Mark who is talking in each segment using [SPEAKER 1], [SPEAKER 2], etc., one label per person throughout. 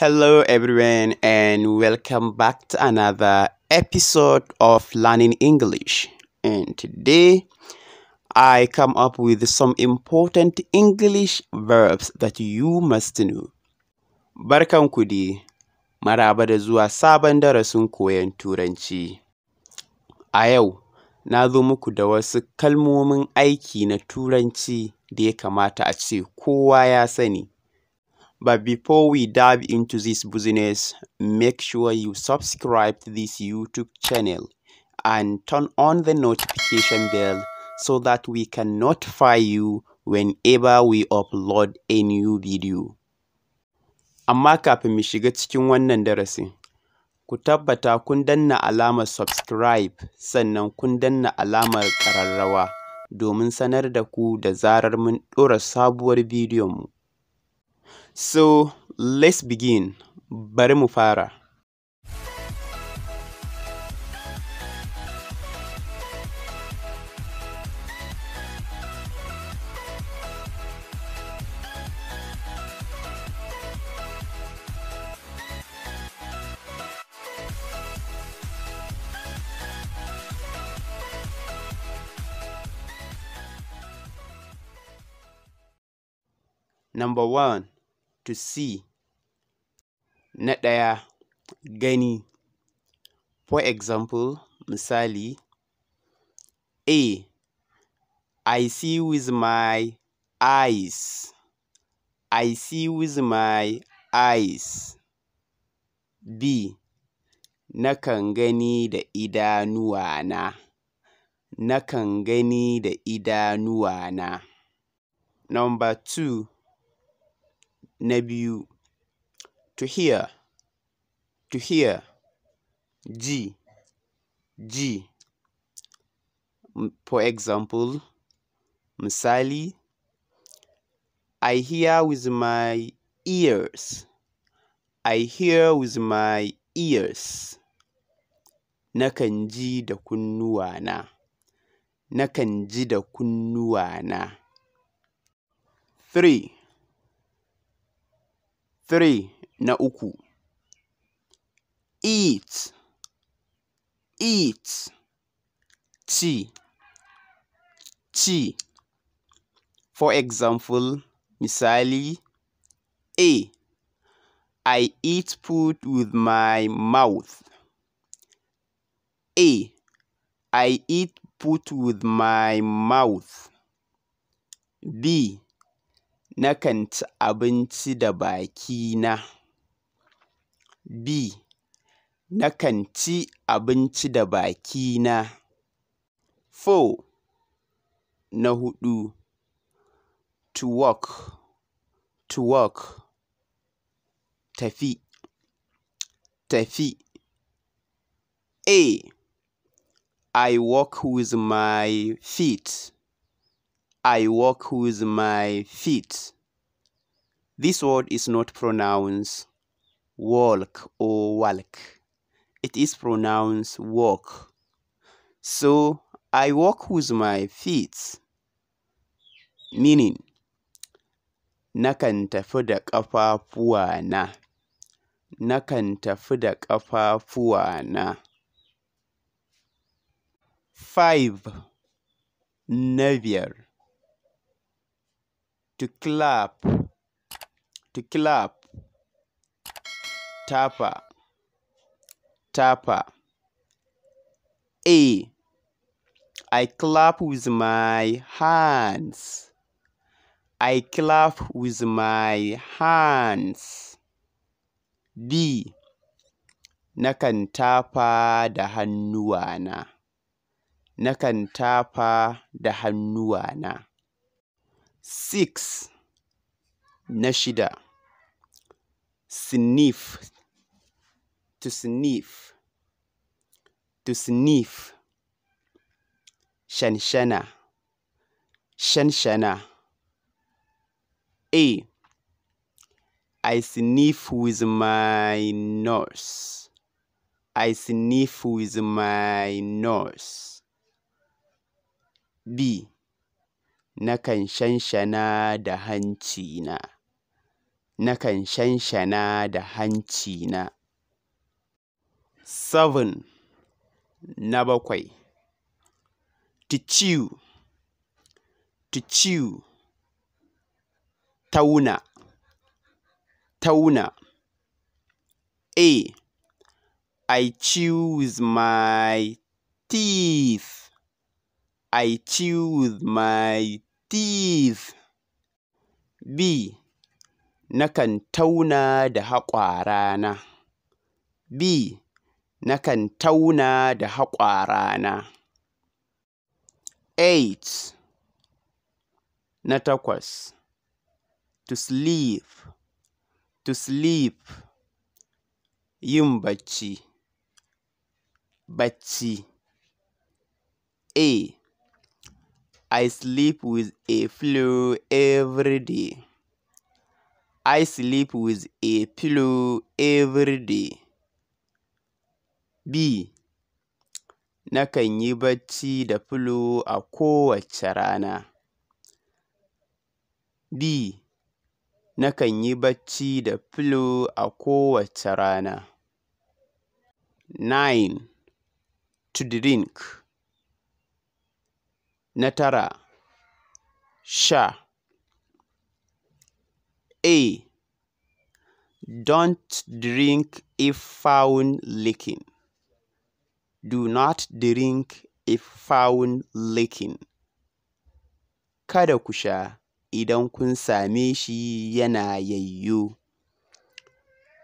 [SPEAKER 1] Hello, everyone, and welcome back to another episode of Learning English. And today, I come up with some important English verbs that you must know. Barkanku dai, maraba da zuwa sabon darasin koyon Turanci. A yau, na zo muku da wasu kalmomin aiki na Turanci da ya kamata a ce kowa ya sani. But before we dive into this business, make sure you subscribe to this YouTube channel and turn on the notification bell so that we can notify you whenever we upload a new video. Amma kafin mu shiga cikin wannan darasin, ku tabbata kun danna alamar subscribe sannan kun danna alamar ƙararrawa domin sanar da ku da zarar mun ɗora sabuwar bidiyonmu. So let's begin. Baremufara. Number one, to see na ɗaya gani for example misali a I see with my eyes I see with my eyes b nakan gani da idanuwana nakan gani da idanuwana number two Na biyu, to hear, to hear, ji, ji. For example, misali, I hear with my ears. I hear with my ears. Nakan ji da kunnuwana. Nakan ji da kunnuwa na. 3. 3. na uku eat eat ci ci for example misali a I eat food with my mouth a I eat food with my mouth b Nakan ci abinci da baki na. B. Nakan ci abinci da baki na. 4. Na huɗu. To walk, to walk. Tafi, tafi. A. I walk with my feet. I walk with my feet. This word is not pronounced walk or walk. It is pronounced walk. So I walk with my feet. Meaning, nakanta tafi da Nakanta Nakan tafi da ƙafafuwana. Five. Na to clap to clap tapa tapa a I clap with my hands I clap with my hands B nakan tafa da hannuwana nakan tafa da hannuwana 6. Na sniff to sniff to sniff shanshana shanshana a I sniff with my nose I sniff with my nose B Nakan shanshana da hancina. Nakan shanshana da hancina. Seven Na bakwai To chew. To chew. Tauna. Tauna. A. I chew with my teeth. I chew with my Teeth B. Nakan tauna da haƙwarana. B. Nakan tauna da haƙwarana. 8. Na takwas To sleep To sleep Yin bacci. Bacci A. I sleep with a pillow every day. I sleep with a pillow every day. B. Nakan yi bacci da pillow a kowace rana. B. Nakan yi bacci da pillow a kowace rana. 9. To drink. na tara sha A. Don't drink if found leaking. Do not drink if found leaking. Kada ku sha idan kun same shi yana yayyo.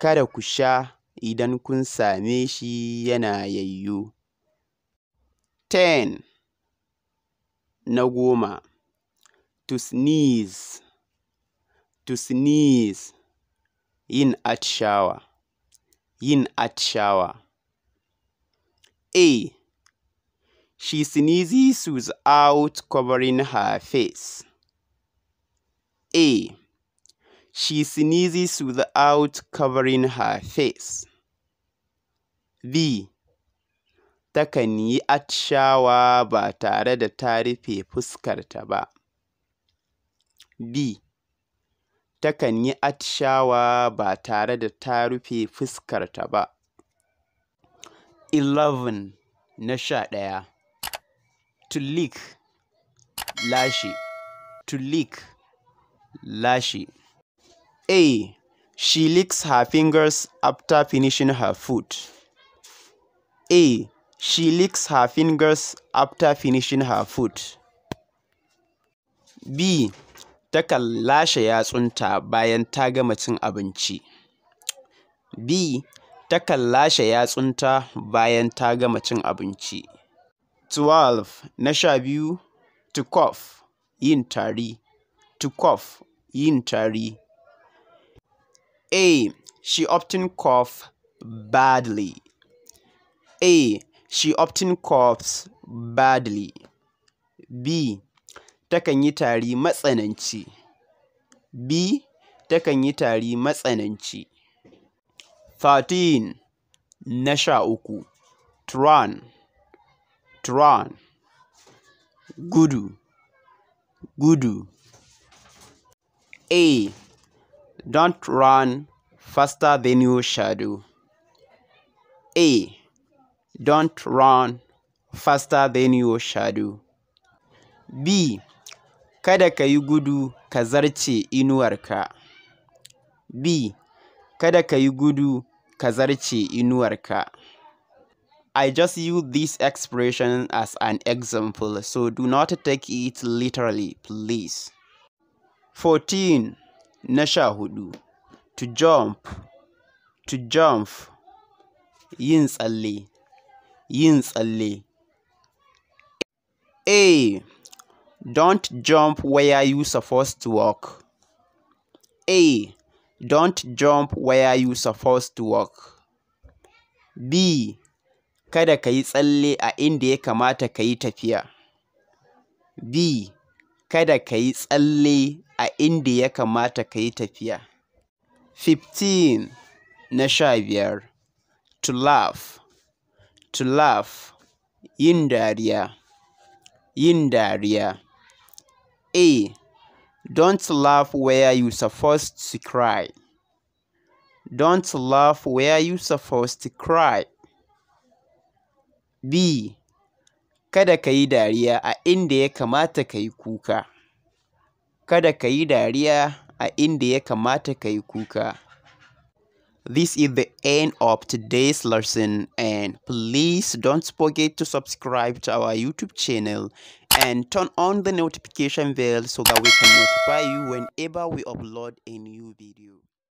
[SPEAKER 1] Kada ku sha idan kun same shi yana yayyo. 10. na goma to sneeze to sneeze yin atishawa yin atishawa a she sneezes without covering her face a she sneezes without covering her face b takan yi atishawa ba tare da ta rufe fuskarta ba. b. Takan yi atishawa ba tare da ta rufe fuskarta ba. 11 na sha ɗaya Tulik lashe Tulik lashe A. She licks her fingers after finishing her food. A. She licks her fingers after finishing her food. B. Takan lashe yatsunta bayan ta gama cin abinci. B. Takan lashe yatsunta bayan ta gama cin abinci. 12. Na sha biyu, to cough, yin tari. To cough, yin tari. A. She often coughs badly. A. She often coughs badly. B. Takan yi tari matsananci. B. Takan yi tari matsananci. 13. Na sha uku. Turan tran Gudu Gudu A. Don't run faster than your shadow. A. Don't run faster than your shadow. B. Kada ka yi gudu ka zarce inuwarka. B. Kada ka yi gudu ka zarce inuwarka. I just use this expression as an example, so do not take it literally, please. 14. Na sha hudu. To jump. To jump. Yin tsalle. yin tsalle. A. Don't jump where you supposed to walk. A. Don't jump where you supposed to walk. B. Kada ka yi tsalle a inda ya kamata ka yi tafiya. B. Kada ka yi tsalle a inda ya kamata ka yi tafiya. 15. Na sha biyar. To laugh. To laugh yin dariya. Yin dariya. A. Don't laugh where you supposed to cry. Don't laugh where you supposed to cry. B. Kada ka yi dariya a inda ya kamata ka yi kuka. Kada ka yi dariya a inda ya kamata ka yi kuka. This is the end of today's lesson and please don't forget to subscribe to our YouTube channel and turn on the notification bell so that we can notify you whenever we upload a new video.